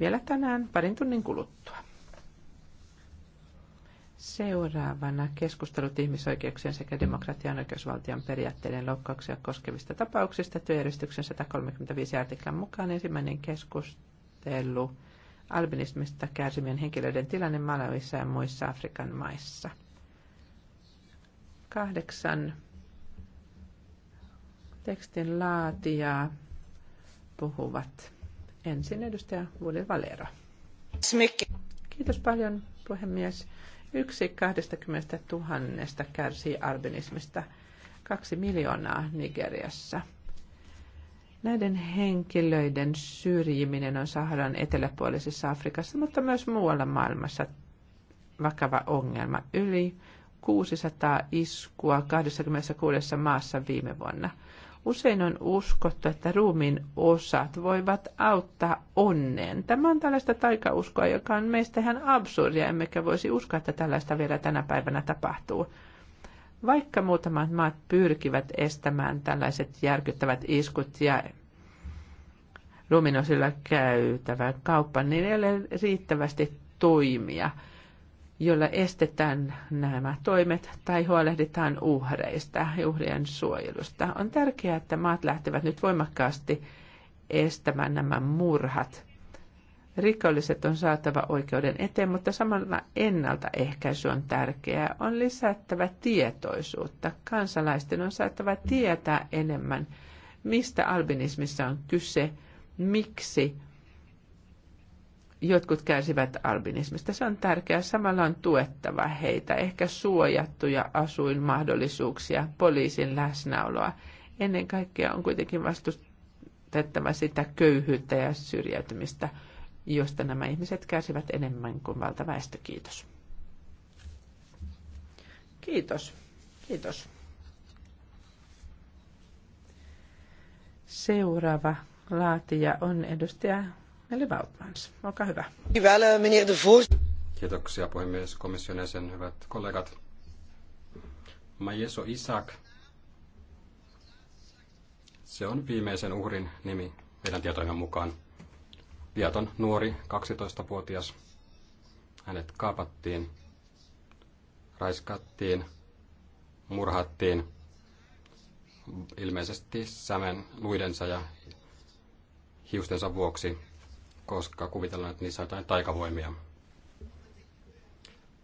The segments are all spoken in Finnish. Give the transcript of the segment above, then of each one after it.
vielä tänään parin tunnin kuluttua. Seuraavana keskustelut ihmisoikeuksien sekä demokratian oikeusvaltion periaatteiden loukkauksia koskevista tapauksista työjärjestyksen 135 artiklan mukaan ensimmäinen keskustelu albinismista kärsimien henkilöiden tilanne Malawissa ja muissa Afrikan maissa. Kahdeksan tekstin laatijaa puhuvat Ensin edustaja Vuoli Valero. Kiitos paljon puhemies. Yksi 20 000 kärsii albinismista, kaksi miljoonaa Nigeriassa. Näiden henkilöiden syrjiminen on Saharan eteläpuolisessa Afrikassa, mutta myös muualla maailmassa vakava ongelma. Yli 600 iskua 26 maassa viime vuonna – Usein on uskottu, että ruumin osat voivat auttaa onneen. Tämä on tällaista taikauskoa, joka on meistä ihan absurdia, emmekä voisi uskoa, että tällaista vielä tänä päivänä tapahtuu. Vaikka muutamat maat pyrkivät estämään tällaiset järkyttävät iskut ja ruuminosilla käytävän kauppa, niin ei ole riittävästi toimia – jolla estetään nämä toimet tai huolehditaan uhreista ja uhrien suojelusta. On tärkeää, että maat lähtevät nyt voimakkaasti estämään nämä murhat. Rikolliset on saatava oikeuden eteen, mutta samalla ennaltaehkäisy on tärkeää. On lisättävä tietoisuutta. Kansalaisten on saatava tietää enemmän, mistä albinismissa on kyse, miksi jotkut kärsivät albinismista. Se on tärkeää. Samalla on tuettava heitä, ehkä suojattuja asuinmahdollisuuksia, poliisin läsnäoloa. Ennen kaikkea on kuitenkin vastustettava sitä köyhyyttä ja syrjäytymistä, josta nämä ihmiset kärsivät enemmän kuin valtaväestö. Kiitos. Kiitos. Kiitos. Seuraava laatija on edustaja Eli Vautmans, olkaa hyvä. Kiitoksia puhemies, komission jäsen, hyvät kollegat. Majeso Isak, se on viimeisen uhrin nimi meidän tietojen mukaan. Viaton nuori, 12-vuotias. Hänet kaapattiin, raiskattiin, murhattiin, ilmeisesti sämen luidensa ja hiustensa vuoksi koska kuvitellaan, että niissä on jotain taikavoimia.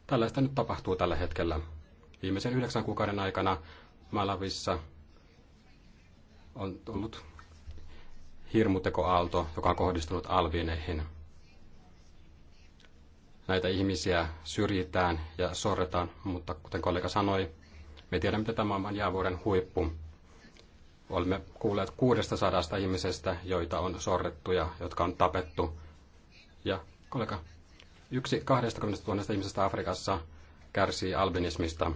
Tällaista nyt tapahtuu tällä hetkellä. Viimeisen yhdeksän kuukauden aikana Malavissa on tullut hirmutekoaalto, joka on kohdistunut alvineihin. Näitä ihmisiä syrjitään ja sorretaan, mutta kuten kollega sanoi, me tiedämme, että tämä on vain jäävuoren huippu. Olemme kuulleet 600 ihmisestä, joita on sorrettu ja jotka on tapettu. Ja kollega, yksi 20 000 ihmisestä Afrikassa kärsii albinismista.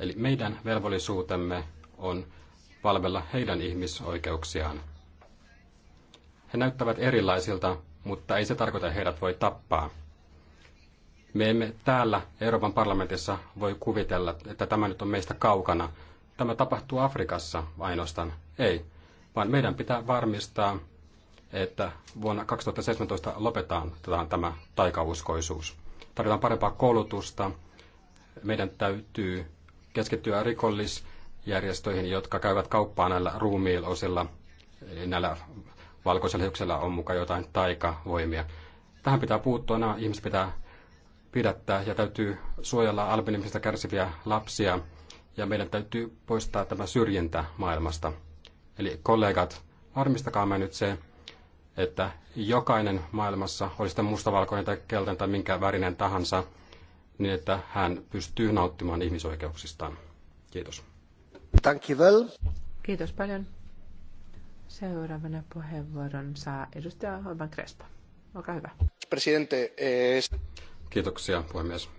Eli meidän velvollisuutemme on palvella heidän ihmisoikeuksiaan. He näyttävät erilaisilta, mutta ei se tarkoita, että heidät voi tappaa. Me emme täällä Euroopan parlamentissa voi kuvitella, että tämä nyt on meistä kaukana, tämä tapahtuu Afrikassa ainoastaan. Ei, vaan meidän pitää varmistaa, että vuonna 2017 lopetaan tämä taikauskoisuus. Tarvitaan parempaa koulutusta. Meidän täytyy keskittyä rikollisjärjestöihin, jotka käyvät kauppaa näillä ruumiilosilla. näillä valkoisella hiuksella on mukaan jotain taikavoimia. Tähän pitää puuttua. Nämä ihmiset pitää pidättää ja täytyy suojella albinismista kärsiviä lapsia – ja meidän täytyy poistaa tämä syrjintä maailmasta. Eli kollegat, me nyt se, että jokainen maailmassa, oli sitten mustavalkoinen tai keltainen tai minkä värinen tahansa, niin että hän pystyy nauttimaan ihmisoikeuksistaan. Kiitos. Thank you well. Kiitos paljon. Seuraavana puheenvuoron saa edustaja Holman Crespo. Olkaa hyvä. Presidente, eh, es. Kiitoksia, puhemies.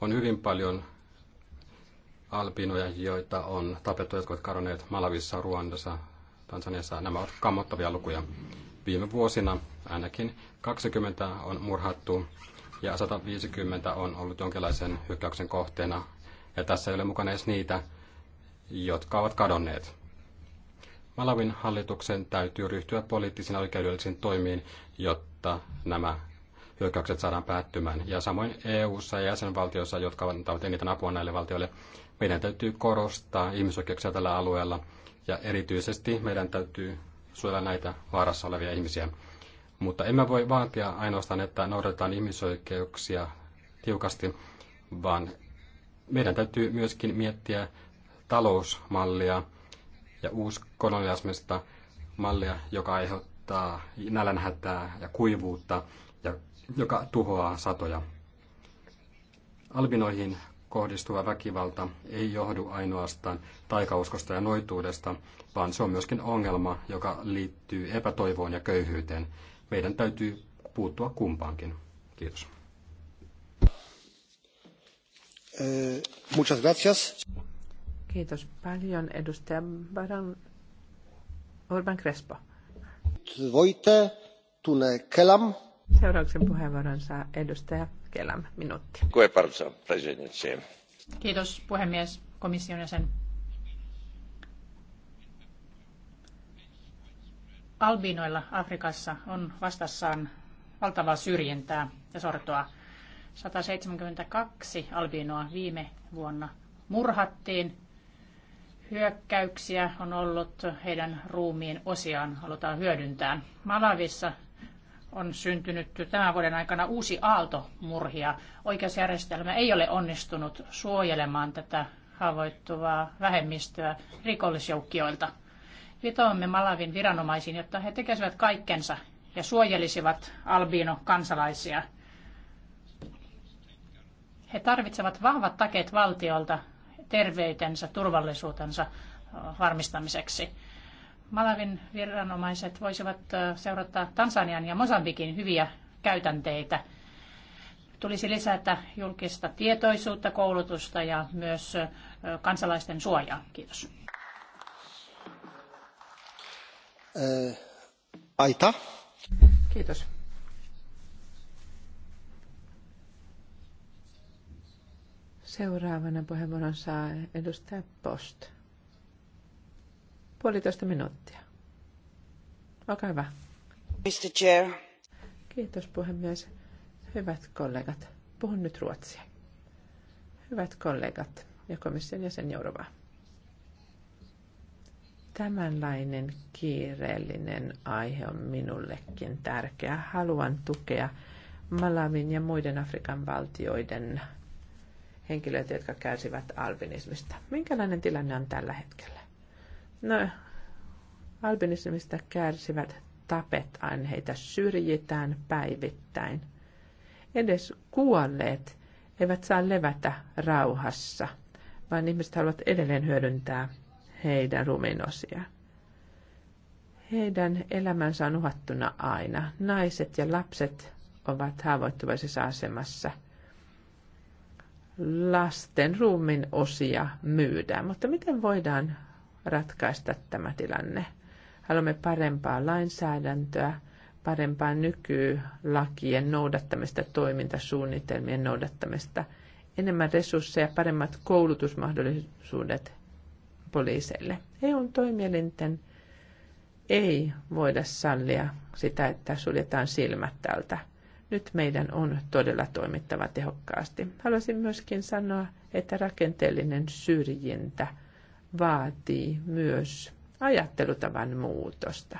On hyvin paljon albinoja, joita on tapettu, jotka ovat kadonneet Malavissa, Ruandassa, Tansaniassa. Nämä ovat kammottavia lukuja. Viime vuosina ainakin 20 on murhattu ja 150 on ollut jonkinlaisen hyökkäyksen kohteena. Ja tässä ei ole mukana edes niitä, jotka ovat kadonneet. Malavin hallituksen täytyy ryhtyä poliittisiin oikeudellisiin toimiin, jotta nämä hyökkäykset saadaan päättymään. Ja samoin EU-ssa ja jäsenvaltioissa, jotka antavat eniten apua näille valtioille, meidän täytyy korostaa ihmisoikeuksia tällä alueella ja erityisesti meidän täytyy suojella näitä vaarassa olevia ihmisiä. Mutta emme voi vaatia ainoastaan, että noudatetaan ihmisoikeuksia tiukasti, vaan meidän täytyy myöskin miettiä talousmallia ja uuskolonialismista mallia, joka aiheuttaa nälänhätää ja kuivuutta ja joka tuhoaa satoja. Albinoihin kohdistuva väkivalta ei johdu ainoastaan taikauskosta ja noituudesta, vaan se on myöskin ongelma, joka liittyy epätoivoon ja köyhyyteen. Meidän täytyy puuttua kumpaankin. Kiitos. Eh, muchas gracias. Kiitos paljon, edustaja Baran Orban Crespo. Voite, tune kelam. Seuraavaksi puheenvuoron saa edustaja Kelam, minuutti. Kiitos puhemies, komission jäsen. Albinoilla Afrikassa on vastassaan valtavaa syrjintää ja sortoa. 172 albinoa viime vuonna murhattiin. Hyökkäyksiä on ollut heidän ruumiin osiaan halutaan hyödyntää. Malavissa on syntynyt tämän vuoden aikana uusi aalto murhia. Oikeusjärjestelmä ei ole onnistunut suojelemaan tätä haavoittuvaa vähemmistöä rikollisjoukkioilta. Vitoamme Malavin viranomaisiin, jotta he tekisivät kaikkensa ja suojelisivat albino-kansalaisia. He tarvitsevat vahvat takeet valtiolta terveytensä, turvallisuutensa varmistamiseksi. Malavin viranomaiset voisivat seurata Tansanian ja Mosambikin hyviä käytänteitä. Tulisi lisätä julkista tietoisuutta, koulutusta ja myös kansalaisten suojaa. Kiitos. Äh, Aita. Kiitos. Seuraavana puheenvuoron saa edustaja Post. Puolitoista minuuttia. Olkaa hyvä. Mr. Chair. Kiitos puhemies. Hyvät kollegat. Puhun nyt ruotsia. Hyvät kollegat ja komission jäsen Jourova. Tämänlainen kiireellinen aihe on minullekin tärkeä. Haluan tukea Malavin ja muiden Afrikan valtioiden henkilöitä, jotka kärsivät albinismista. Minkälainen tilanne on tällä hetkellä? No, albinismista kärsivät tapetaan, heitä syrjitään päivittäin. Edes kuolleet eivät saa levätä rauhassa, vaan ihmiset haluavat edelleen hyödyntää heidän ruminosia. Heidän elämänsä on uhattuna aina. Naiset ja lapset ovat haavoittuvaisessa asemassa. Lasten ruumin osia myydään, mutta miten voidaan ratkaista tämä tilanne. Haluamme parempaa lainsäädäntöä, parempaa nykylakien noudattamista, toimintasuunnitelmien noudattamista, enemmän resursseja, paremmat koulutusmahdollisuudet poliiseille. EUn toimielinten ei voida sallia sitä, että suljetaan silmät tältä. Nyt meidän on todella toimittava tehokkaasti. Haluaisin myöskin sanoa, että rakenteellinen syrjintä – vaatii myös ajattelutavan muutosta.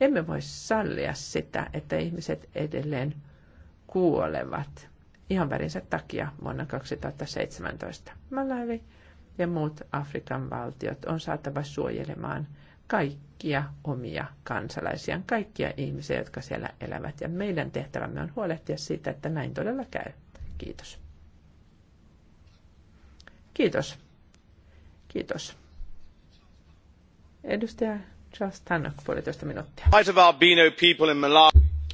Emme voi sallia sitä, että ihmiset edelleen kuolevat ihan värinsä takia vuonna 2017. Malawi ja muut Afrikan valtiot on saatava suojelemaan kaikkia omia kansalaisiaan, kaikkia ihmisiä, jotka siellä elävät. Ja meidän tehtävämme on huolehtia siitä, että näin todella käy. Kiitos. Kiitos. Kiitos. Edustaja Charles Tannock, puolitoista minuuttia.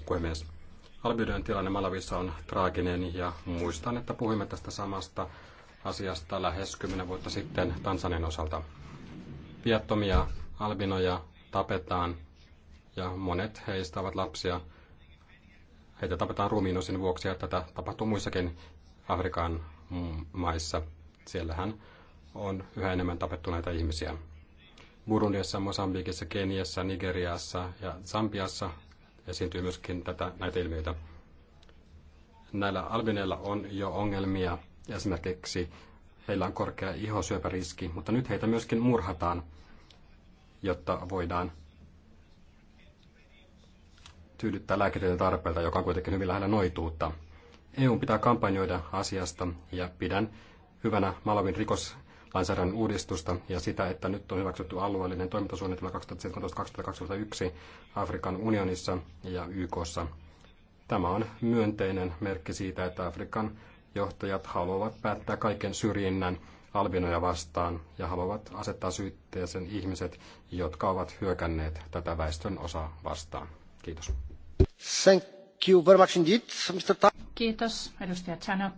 Puhemies. Albinoiden tilanne Malavissa on traaginen ja muistan, että puhuimme tästä samasta asiasta lähes 10 vuotta sitten Tansanin osalta. Viattomia albinoja tapetaan ja monet heistä ovat lapsia. Heitä tapetaan ruumiinosin vuoksi ja tätä tapahtuu muissakin Afrikan maissa. Siellähän on yhä enemmän tapettuneita ihmisiä. Burundiassa, Mosambikissa, Keniassa, Nigeriassa ja Zambiassa esiintyy myöskin tätä, näitä ilmiöitä. Näillä albineilla on jo ongelmia, esimerkiksi heillä on korkea ihosyöpäriski, mutta nyt heitä myöskin murhataan, jotta voidaan tyydyttää lääketieteen tarpeelta, joka on kuitenkin hyvin lähellä noituutta. EU pitää kampanjoida asiasta ja pidän hyvänä Malawin rikos lainsäädännön uudistusta ja sitä, että nyt on hyväksytty alueellinen toimintasuunnitelma 2017-2021 Afrikan unionissa ja YKssa. Tämä on myönteinen merkki siitä, että Afrikan johtajat haluavat päättää kaiken syrjinnän albinoja vastaan ja haluavat asettaa syytteeseen ihmiset, jotka ovat hyökänneet tätä väestön osaa vastaan. Kiitos. Thank you very much indeed, Mr. Ta- Kiitos, edustaja Chanok.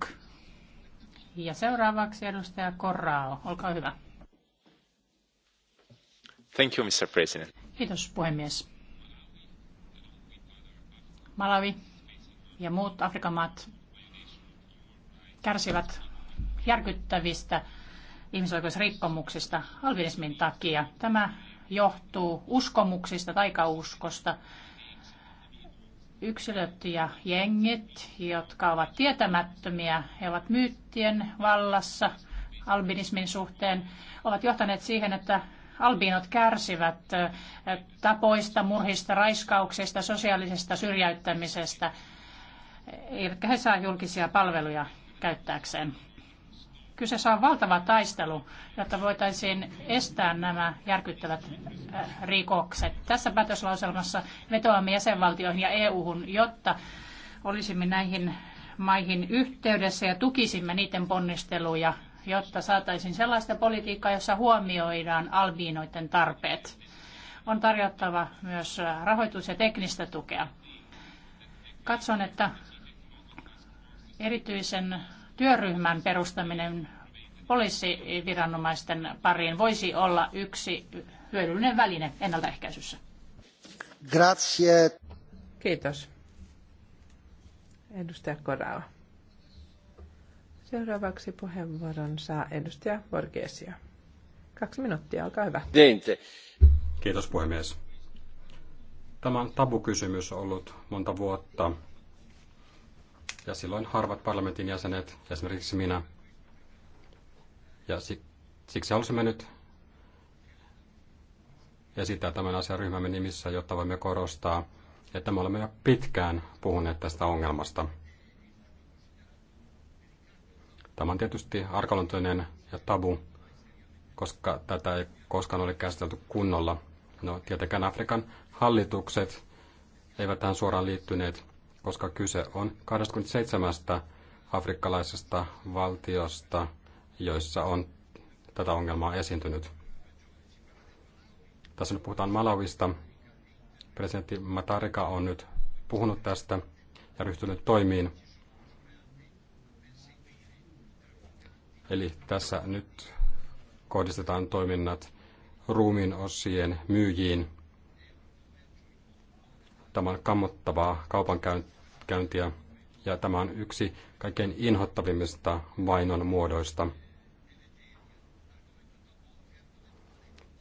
Ja seuraavaksi edustaja Korrao, olkaa hyvä. Thank you, Mr. President. Kiitos puhemies. Malawi ja muut Afrikan maat kärsivät järkyttävistä ihmisoikeusrikkomuksista albinismin takia. Tämä johtuu uskomuksista, taikauskosta, yksilöt ja jengit, jotka ovat tietämättömiä, he ovat myyttien vallassa albinismin suhteen, ovat johtaneet siihen, että albiinot kärsivät tapoista, murhista, raiskauksista, sosiaalisesta syrjäyttämisestä, eivätkä he saa julkisia palveluja käyttääkseen. Kyseessä on valtava taistelu, jotta voitaisiin estää nämä järkyttävät äh, rikokset. Tässä päätöslauselmassa vetoamme jäsenvaltioihin ja EU-hun, jotta olisimme näihin maihin yhteydessä ja tukisimme niiden ponnisteluja, jotta saataisiin sellaista politiikkaa, jossa huomioidaan albiinoiden tarpeet. On tarjottava myös äh, rahoitus- ja teknistä tukea. Katson, että erityisen työryhmän perustaminen poliisiviranomaisten pariin voisi olla yksi hyödyllinen väline ennaltaehkäisyssä. Grazie. Kiitos. Edustaja Korava. Seuraavaksi puheenvuoron saa edustaja Borgesio. Kaksi minuuttia, olkaa hyvä. Kiitos puhemies. Tämä on tabukysymys ollut monta vuotta ja silloin harvat parlamentin jäsenet, esimerkiksi minä. Ja siksi halusimme nyt esittää tämän asian ryhmämme nimissä, jotta voimme korostaa, että me olemme jo pitkään puhuneet tästä ongelmasta. Tämä on tietysti arkaluontoinen ja tabu, koska tätä ei koskaan ole käsitelty kunnolla. No, tietenkään Afrikan hallitukset eivät tähän suoraan liittyneet, koska kyse on 27 afrikkalaisesta valtiosta, joissa on tätä ongelmaa esiintynyt. Tässä nyt puhutaan Malawista. Presidentti Matarika on nyt puhunut tästä ja ryhtynyt toimiin. Eli tässä nyt kohdistetaan toiminnat ruumiin osien myyjiin. Tämä on kammottavaa kaupankäyntiä koulunkäyntiä, ja tämä on yksi kaikkein inhottavimmista vainon muodoista.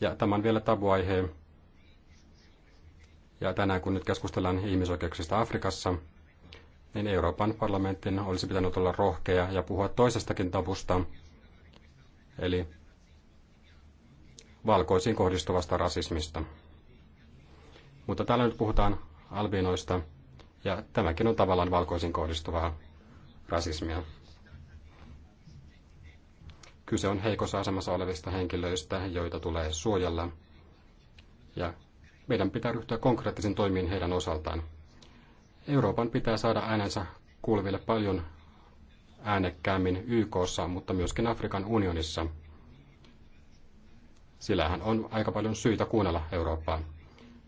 Ja tämä on vielä tabuaihe. Ja tänään kun nyt keskustellaan ihmisoikeuksista Afrikassa, niin Euroopan parlamentin olisi pitänyt olla rohkea ja puhua toisestakin tabusta, eli valkoisiin kohdistuvasta rasismista. Mutta täällä nyt puhutaan albinoista, ja tämäkin on tavallaan valkoisiin kohdistuvaa rasismia. Kyse on heikossa asemassa olevista henkilöistä, joita tulee suojella. Ja meidän pitää ryhtyä konkreettisiin toimiin heidän osaltaan. Euroopan pitää saada äänensä kuuluville paljon äänekkäämmin YKssa, mutta myöskin Afrikan unionissa. Sillähän on aika paljon syitä kuunnella Eurooppaa.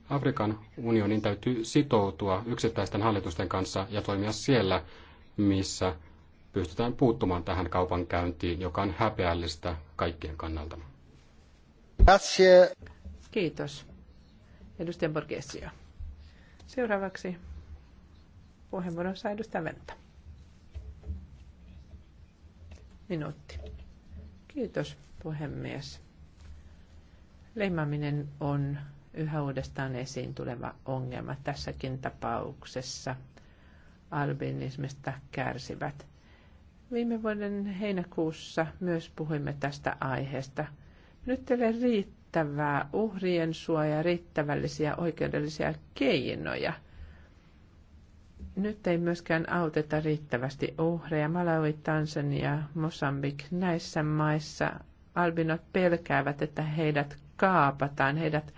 Afrikan unionin täytyy sitoutua yksittäisten hallitusten kanssa ja toimia siellä, missä pystytään puuttumaan tähän kaupankäyntiin, joka on häpeällistä kaikkien kannalta. Kiitos. Edustaja Borgesio. Seuraavaksi puheenvuoron saa edustaja Venta. Minuutti. Kiitos, puhemies. Leimaminen on yhä uudestaan esiin tuleva ongelma tässäkin tapauksessa. Albinismista kärsivät. Viime vuoden heinäkuussa myös puhuimme tästä aiheesta. Nyt ei riittävää uhrien suojaa, riittävällisiä oikeudellisia keinoja. Nyt ei myöskään auteta riittävästi uhreja. Malawi, Tansania, Mosambik, näissä maissa albinot pelkäävät, että heidät kaapataan, heidät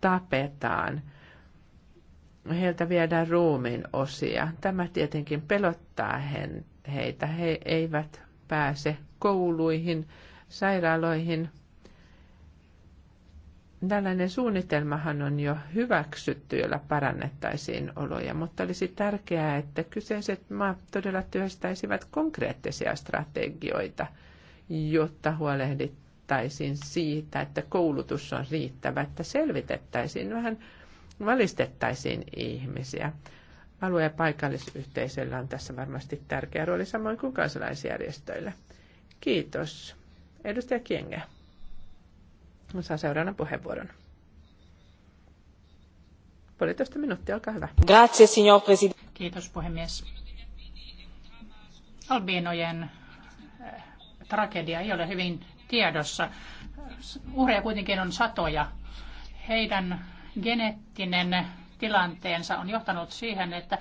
tapetaan. Heiltä viedään ruumiin osia. Tämä tietenkin pelottaa heitä. He eivät pääse kouluihin, sairaaloihin. Tällainen suunnitelmahan on jo hyväksytty, jolla parannettaisiin oloja, mutta olisi tärkeää, että kyseiset maat todella työstäisivät konkreettisia strategioita, jotta huolehdittaisiin huolehdittaisiin siitä, että koulutus on riittävä, että selvitettäisiin vähän, valistettaisiin ihmisiä. Alue- ja paikallisyhteisöllä on tässä varmasti tärkeä rooli, samoin kuin kansalaisjärjestöillä. Kiitos. Edustaja Kienge saa seuraavan puheenvuoron. Puolitoista minuuttia, olkaa hyvä. Grazie, signor presidente. Kiitos, puhemies. Albinojen eh, tragedia ei ole hyvin tiedossa. Uhreja kuitenkin on satoja. Heidän geneettinen tilanteensa on johtanut siihen, että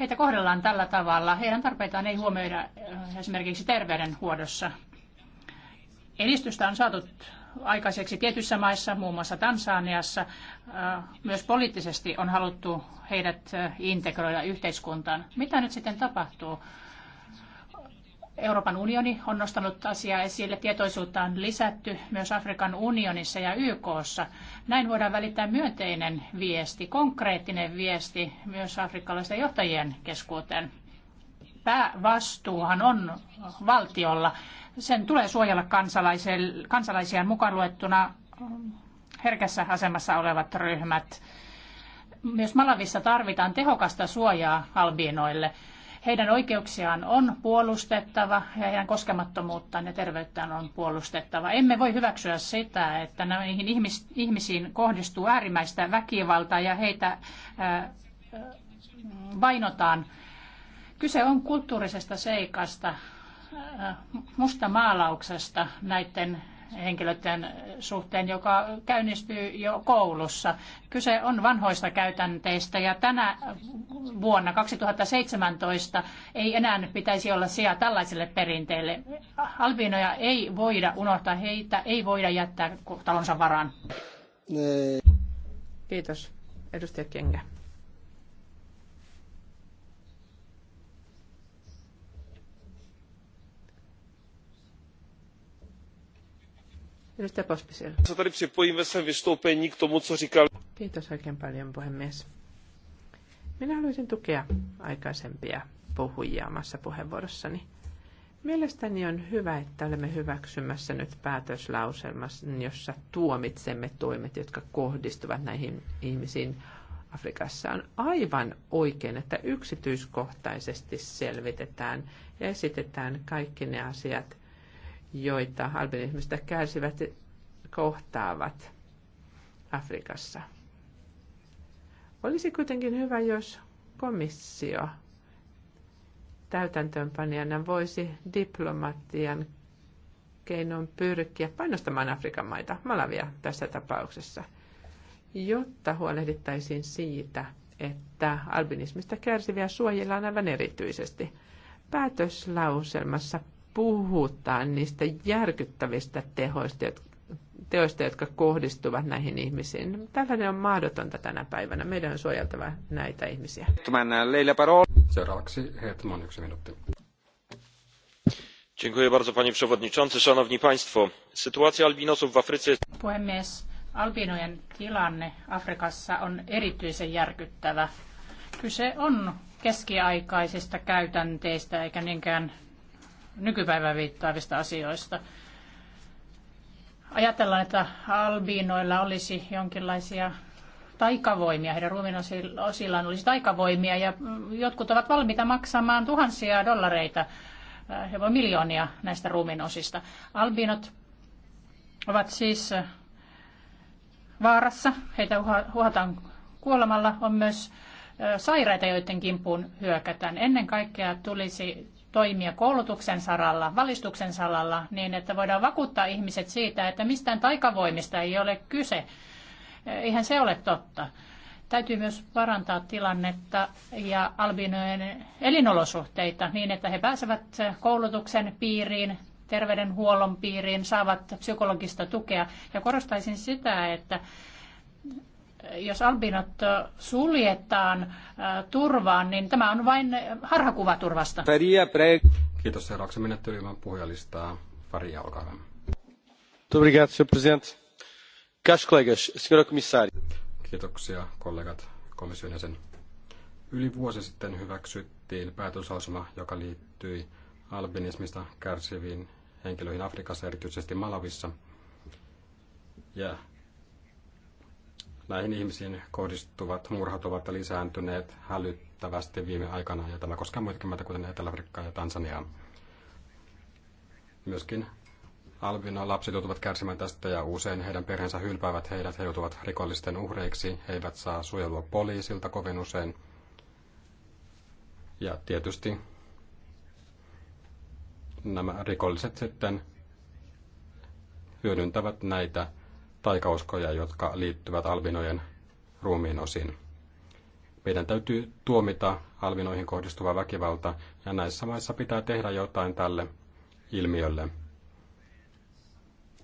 heitä kohdellaan tällä tavalla. Heidän tarpeitaan ei huomioida äh, esimerkiksi terveydenhuollossa. Edistystä on saatu aikaiseksi tietyissä maissa, muun muassa Tansaniassa. Äh, myös poliittisesti on haluttu heidät äh, integroida yhteiskuntaan. Mitä nyt sitten tapahtuu? Euroopan unioni on nostanut asiaa esille, tietoisuutta on lisätty myös Afrikan unionissa ja YKssa. Näin voidaan välittää myönteinen viesti, konkreettinen viesti myös afrikkalaisten johtajien keskuuteen. Päävastuuhan on valtiolla. Sen tulee suojella kansalaisiaan mukaan luettuna herkässä asemassa olevat ryhmät. Myös Malavissa tarvitaan tehokasta suojaa albiinoille heidän oikeuksiaan on puolustettava ja heidän koskemattomuuttaan ja terveyttään on puolustettava. Emme voi hyväksyä sitä, että näihin ihmis, ihmisiin kohdistuu äärimmäistä väkivaltaa ja heitä äh, äh, vainotaan. Kyse on kulttuurisesta seikasta, äh, musta maalauksesta näiden henkilöiden suhteen, joka käynnistyy jo koulussa. Kyse on vanhoista käytänteistä ja tänä vuonna 2017 ei enää pitäisi olla sijaa tällaiselle perinteelle. Albiinoja ei voida unohtaa, heitä ei voida jättää talonsa varaan. Kiitos. Edustaja Kengä. Edustaja Pospisil. Kiitos oikein paljon, puhemies. Minä haluaisin tukea aikaisempia puhujia omassa puheenvuorossani. Mielestäni on hyvä, että olemme hyväksymässä nyt päätöslauselmassa, jossa tuomitsemme toimet, jotka kohdistuvat näihin ihmisiin Afrikassa. On aivan oikein, että yksityiskohtaisesti selvitetään ja esitetään kaikki ne asiat, joita albinismista kärsivät kohtaavat Afrikassa. Olisi kuitenkin hyvä, jos komissio täytäntöönpanijana voisi diplomatian keinoin pyrkiä painostamaan Afrikan maita, Malavia tässä tapauksessa, jotta huolehdittaisiin siitä, että albinismista kärsiviä suojellaan aivan erityisesti. Päätöslauselmassa puhutaan niistä järkyttävistä tehoista, teoista, jotka kohdistuvat näihin ihmisiin. Tällainen on mahdotonta tänä päivänä. Meidän on suojeltava näitä ihmisiä. Seuraavaksi Hetman, yksi minuutti. Dziękuję bardzo panie przewodniczący, szanowni państwo. Sytuacja albinosów w Afryce... Puhemies, albinojen tilanne Afrikassa on erityisen järkyttävä. Kyse on keskiaikaisista käytänteistä eikä niinkään nykypäivään viittaavista asioista. Ajatellaan, että albiinoilla olisi jonkinlaisia taikavoimia, heidän osillaan olisi taikavoimia ja jotkut ovat valmiita maksamaan tuhansia dollareita, jopa miljoonia näistä osista. Albiinot ovat siis vaarassa, heitä huhataan kuolemalla, on myös sairaita, joiden kimpuun hyökätään. Ennen kaikkea tulisi toimia koulutuksen saralla, valistuksen saralla, niin että voidaan vakuuttaa ihmiset siitä, että mistään taikavoimista ei ole kyse. Eihän se ole totta. Täytyy myös parantaa tilannetta ja albinojen elinolosuhteita niin, että he pääsevät koulutuksen piiriin, terveydenhuollon piiriin, saavat psykologista tukea. Ja korostaisin sitä, että jos albinot suljetaan äh, turvaan, niin tämä on vain harhakuva turvasta. Kiitos seuraavaksi menettely ilman puhujalistaa. Faria, olkaa hyvä. Kiitoksia kollegat komission jäsen. Yli vuosi sitten hyväksyttiin päätöslausuma, joka liittyi albinismista kärsiviin henkilöihin Afrikassa, erityisesti Malavissa. Ja näihin ihmisiin kohdistuvat murhat ovat lisääntyneet hälyttävästi viime aikana, ja tämä koskee muitakin maita, kuten Etelä-Afrikkaa ja Tansaniaa. Myöskin albino lapset joutuvat kärsimään tästä ja usein heidän perheensä hylpäävät heidät, he joutuvat rikollisten uhreiksi, he eivät saa suojelua poliisilta kovin usein. Ja tietysti nämä rikolliset sitten hyödyntävät näitä taikauskoja, jotka liittyvät albinojen ruumiin osiin. Meidän täytyy tuomita albinoihin kohdistuva väkivalta, ja näissä maissa pitää tehdä jotain tälle ilmiölle.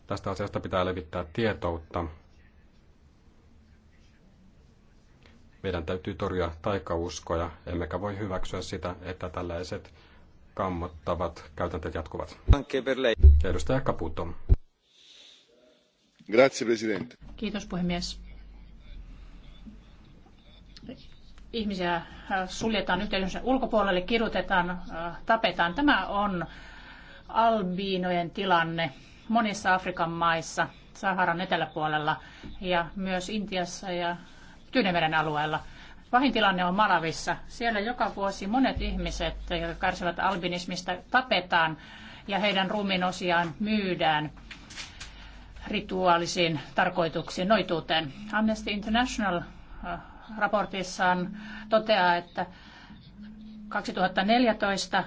Tästä asiasta pitää levittää tietoutta. Meidän täytyy torjua taikauskoja, emmekä voi hyväksyä sitä, että tällaiset kammottavat käytänteet jatkuvat. Edustaja Caputo arvoisa Kiitos puhemies. Ihmisiä äh, suljetaan yhteisönsä ulkopuolelle, kidutetaan äh, tapetaan. Tämä on albiinojen tilanne monissa Afrikan maissa, Saharan eteläpuolella ja myös Intiassa ja Tyynemeren alueella. Pahin tilanne on Malavissa. Siellä joka vuosi monet ihmiset, jotka kärsivät albinismista, tapetaan ja heidän ruumiinosiaan myydään rituaalisiin tarkoituksiin, noituuteen. Amnesty International äh, raportissaan toteaa, että 2014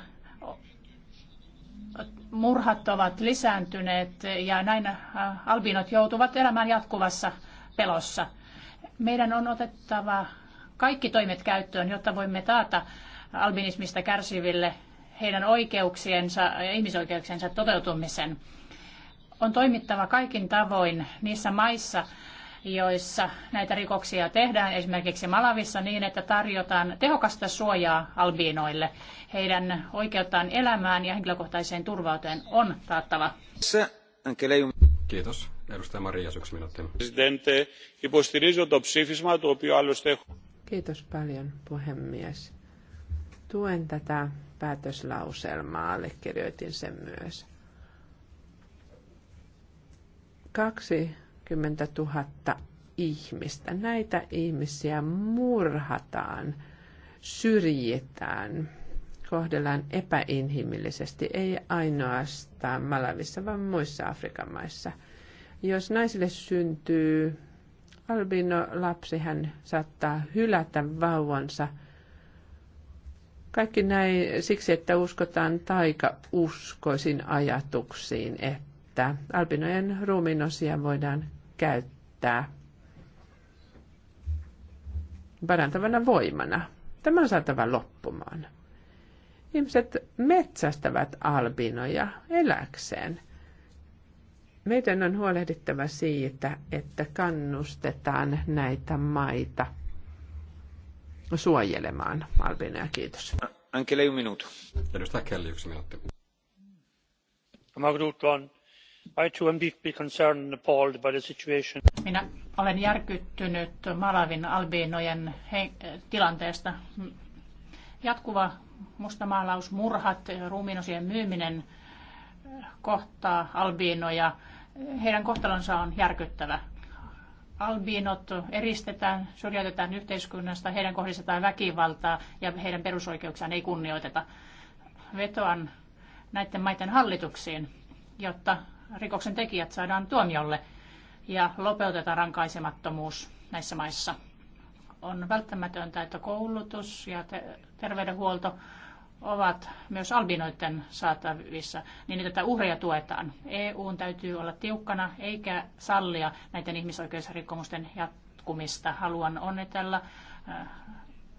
murhat ovat lisääntyneet ja näin äh, albinot joutuvat elämään jatkuvassa pelossa. Meidän on otettava kaikki toimet käyttöön, jotta voimme taata albinismista kärsiville heidän oikeuksiensa ja ihmisoikeuksiensa toteutumisen. On toimittava kaikin tavoin niissä maissa, joissa näitä rikoksia tehdään, esimerkiksi Malavissa, niin että tarjotaan tehokasta suojaa albiinoille. Heidän oikeuttaan elämään ja henkilökohtaiseen turvauteen on taattava. Kiitos. Edustaja Maria, yksi minuutti. Kiitos paljon, puhemies. Tuen tätä päätöslauselmaa, allekirjoitin sen myös. 20 000 ihmistä. Näitä ihmisiä murhataan, syrjitään, kohdellaan epäinhimillisesti, ei ainoastaan Malavissa, vaan muissa Afrikan maissa. Jos naisille syntyy albino lapsi, hän saattaa hylätä vauvansa – kaikki näin siksi, että uskotaan taikauskoisin ajatuksiin, että että albinojen ruuminosia voidaan käyttää parantavana voimana. Tämä on saatava loppumaan. Ihmiset metsästävät albinoja eläkseen. Meidän on huolehdittava siitä, että kannustetaan näitä maita suojelemaan albinoja. Kiitos. Anche lei un minuto. Edustaja Kelly, yksi minuutti. I too am deeply concerned and appalled by the situation. Minä olen järkyttynyt Malavin albiinojen tilanteesta. Jatkuva mustamaalaus, murhat, ruumiinosien myyminen kohtaa albiinoja. Heidän kohtalonsa on järkyttävä. Albiinot eristetään, syrjäytetään yhteiskunnasta, heidän kohdistetaan väkivaltaa ja heidän perusoikeuksiaan ei kunnioiteta. Vetoan näiden maiden hallituksiin, jotta rikoksen tekijät saadaan tuomiolle ja lopetetaan rankaisemattomuus näissä maissa. On välttämätöntä, että koulutus ja terveydenhuolto ovat myös albinoiden saatavissa, niin että uhreja tuetaan. EUn täytyy olla tiukkana eikä sallia näiden ihmisoikeusrikkomusten jatkumista. Haluan onnitella äh,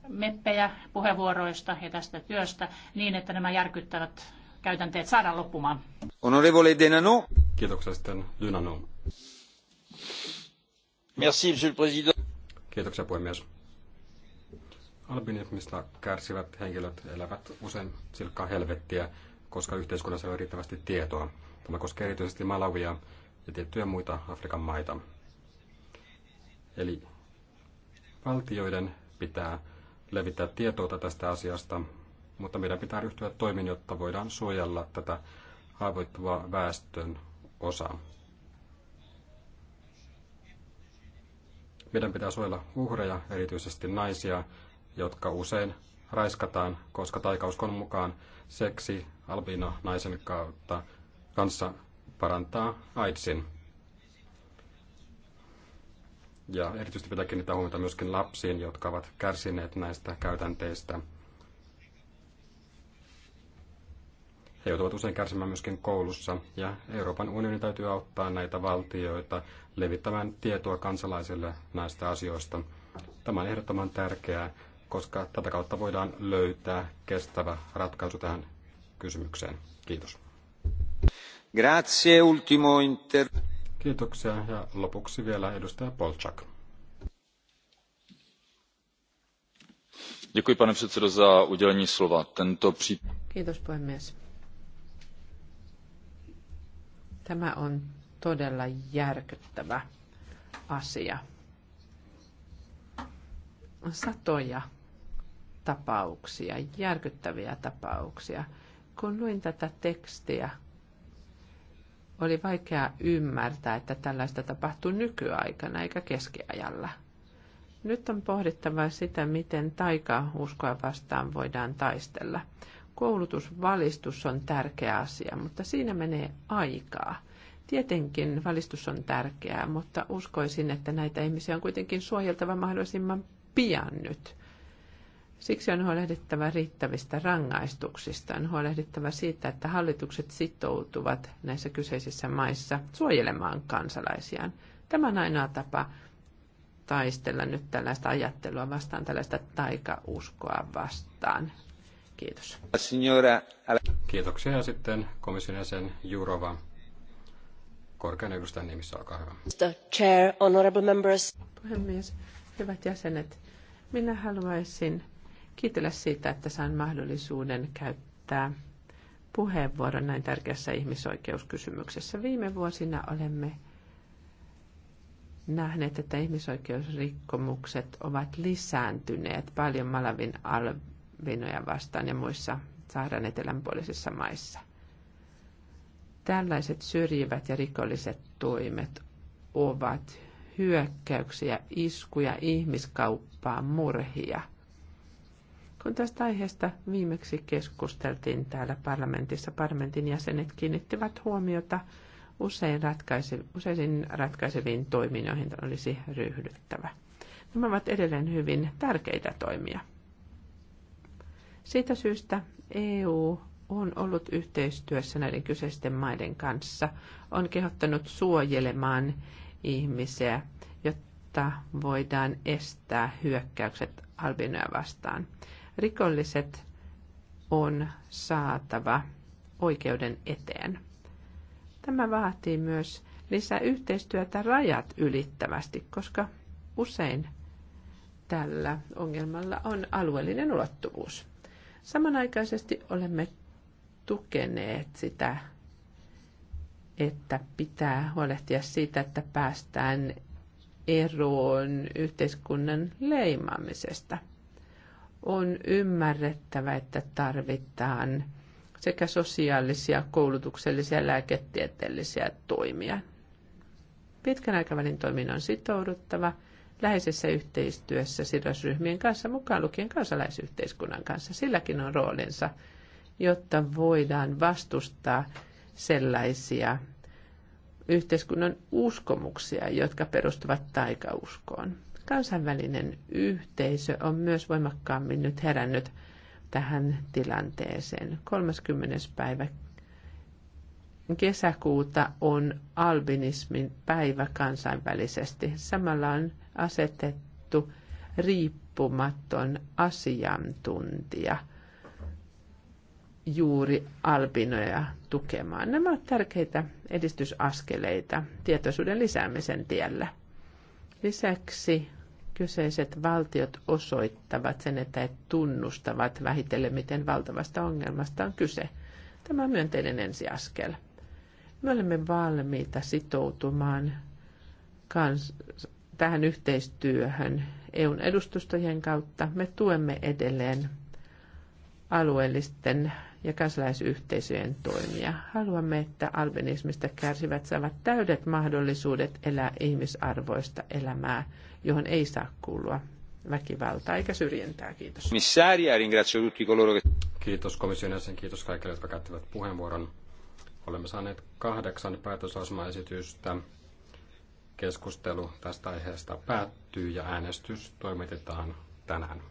meppejä puheenvuoroista ja tästä työstä niin, että nämä järkyttävät käytänteet saadaan loppumaan. Honorevole Denano. Kiitoksia sitten Dynano. Merci, monsieur le président. Kiitoksia puhemies. Albinismista kärsivät henkilöt elävät usein silkkaa helvettiä, koska yhteiskunnassa ei riittävästi tietoa. Tämä koskee erityisesti Malawia ja tiettyjä muita Afrikan maita. Eli valtioiden pitää levittää tietoa tästä asiasta mutta meidän pitää ryhtyä toimiin, jotta voidaan suojella tätä haavoittuvaa väestön osaa. Meidän pitää suojella uhreja, erityisesti naisia, jotka usein raiskataan, koska taikauskon mukaan seksi albino naisen kautta kanssa parantaa AIDSin. Ja erityisesti pitää kiinnittää huomiota myöskin lapsiin, jotka ovat kärsineet näistä käytänteistä – He joutuvat usein kärsimään myöskin koulussa, ja Euroopan unionin täytyy auttaa näitä valtioita levittämään tietoa kansalaisille näistä asioista. Tämä on ehdottoman tärkeää, koska tätä kautta voidaan löytää kestävä ratkaisu tähän kysymykseen. Kiitos. Grazie, ultimo inter... Kiitoksia ja lopuksi vielä edustaja Polchak. Děkuji, pane předsedo, za udělení slova. Tento pří... Kiitos, puhemies. Tämä on todella järkyttävä asia. On Satoja tapauksia, järkyttäviä tapauksia. Kun luin tätä tekstiä, oli vaikea ymmärtää, että tällaista tapahtuu nykyaikana eikä keskiajalla. Nyt on pohdittava sitä, miten uskoa vastaan voidaan taistella. Koulutusvalistus on tärkeä asia, mutta siinä menee aikaa. Tietenkin valistus on tärkeää, mutta uskoisin, että näitä ihmisiä on kuitenkin suojeltava mahdollisimman pian nyt. Siksi on huolehdittava riittävistä rangaistuksista, on huolehdittava siitä, että hallitukset sitoutuvat näissä kyseisissä maissa suojelemaan kansalaisiaan. Tämä on ainoa tapa taistella nyt tällaista ajattelua vastaan, tällaista taikauskoa vastaan. Kiitos. Kiitoksia ja sitten komission jäsen Jurova. Korkean edustajan nimissä, olkaa hyvä. Mr. Chair, honorable members. Puhemies, hyvät jäsenet, minä haluaisin kiitellä siitä, että saan mahdollisuuden käyttää puheenvuoron näin tärkeässä ihmisoikeuskysymyksessä. Viime vuosina olemme nähneet, että ihmisoikeusrikkomukset ovat lisääntyneet paljon Malavin Venäjä vastaan ja muissa Saharan etelänpuolisissa maissa. Tällaiset syrjivät ja rikolliset toimet ovat hyökkäyksiä, iskuja, ihmiskauppaa, murhia. Kun tästä aiheesta viimeksi keskusteltiin täällä parlamentissa, parlamentin jäsenet kiinnittivät huomiota usein ratkaise, useisiin ratkaiseviin toimiin, joihin olisi ryhdyttävä. Nämä ovat edelleen hyvin tärkeitä toimia – siitä syystä EU on ollut yhteistyössä näiden kyseisten maiden kanssa, on kehottanut suojelemaan ihmisiä, jotta voidaan estää hyökkäykset albinoja vastaan. Rikolliset on saatava oikeuden eteen. Tämä vaatii myös lisää yhteistyötä rajat ylittävästi, koska usein tällä ongelmalla on alueellinen ulottuvuus. Samanaikaisesti olemme tukeneet sitä, että pitää huolehtia siitä, että päästään eroon yhteiskunnan leimaamisesta. On ymmärrettävä, että tarvitaan sekä sosiaalisia, koulutuksellisia ja lääketieteellisiä toimia. Pitkän aikavälin toimiin on sitouduttava – läheisessä yhteistyössä sidosryhmien kanssa, mukaan lukien kansalaisyhteiskunnan kanssa. Silläkin on roolinsa, jotta voidaan vastustaa sellaisia yhteiskunnan uskomuksia, jotka perustuvat taikauskoon. Kansainvälinen yhteisö on myös voimakkaammin nyt herännyt tähän tilanteeseen. 30. päivä kesäkuuta on albinismin päivä kansainvälisesti. Samalla on asetettu riippumaton asiantuntija juuri albinoja tukemaan. Nämä ovat tärkeitä edistysaskeleita tietoisuuden lisäämisen tiellä. Lisäksi kyseiset valtiot osoittavat sen, että he tunnustavat vähitellen, miten valtavasta ongelmasta on kyse. Tämä on myönteinen ensiaskel. Me olemme valmiita sitoutumaan kans, tähän yhteistyöhön EUn edustustojen kautta. Me tuemme edelleen alueellisten ja kansalaisyhteisöjen toimia. Haluamme, että albinismista kärsivät saavat täydet mahdollisuudet elää ihmisarvoista elämää, johon ei saa kuulua väkivaltaa eikä syrjintää. Kiitos. Kiitos komission jäsen, kiitos kaikille, jotka käyttivät puheenvuoron. Olemme saaneet kahdeksan päätösasmaesitystä. Keskustelu tästä aiheesta päättyy ja äänestys toimitetaan tänään.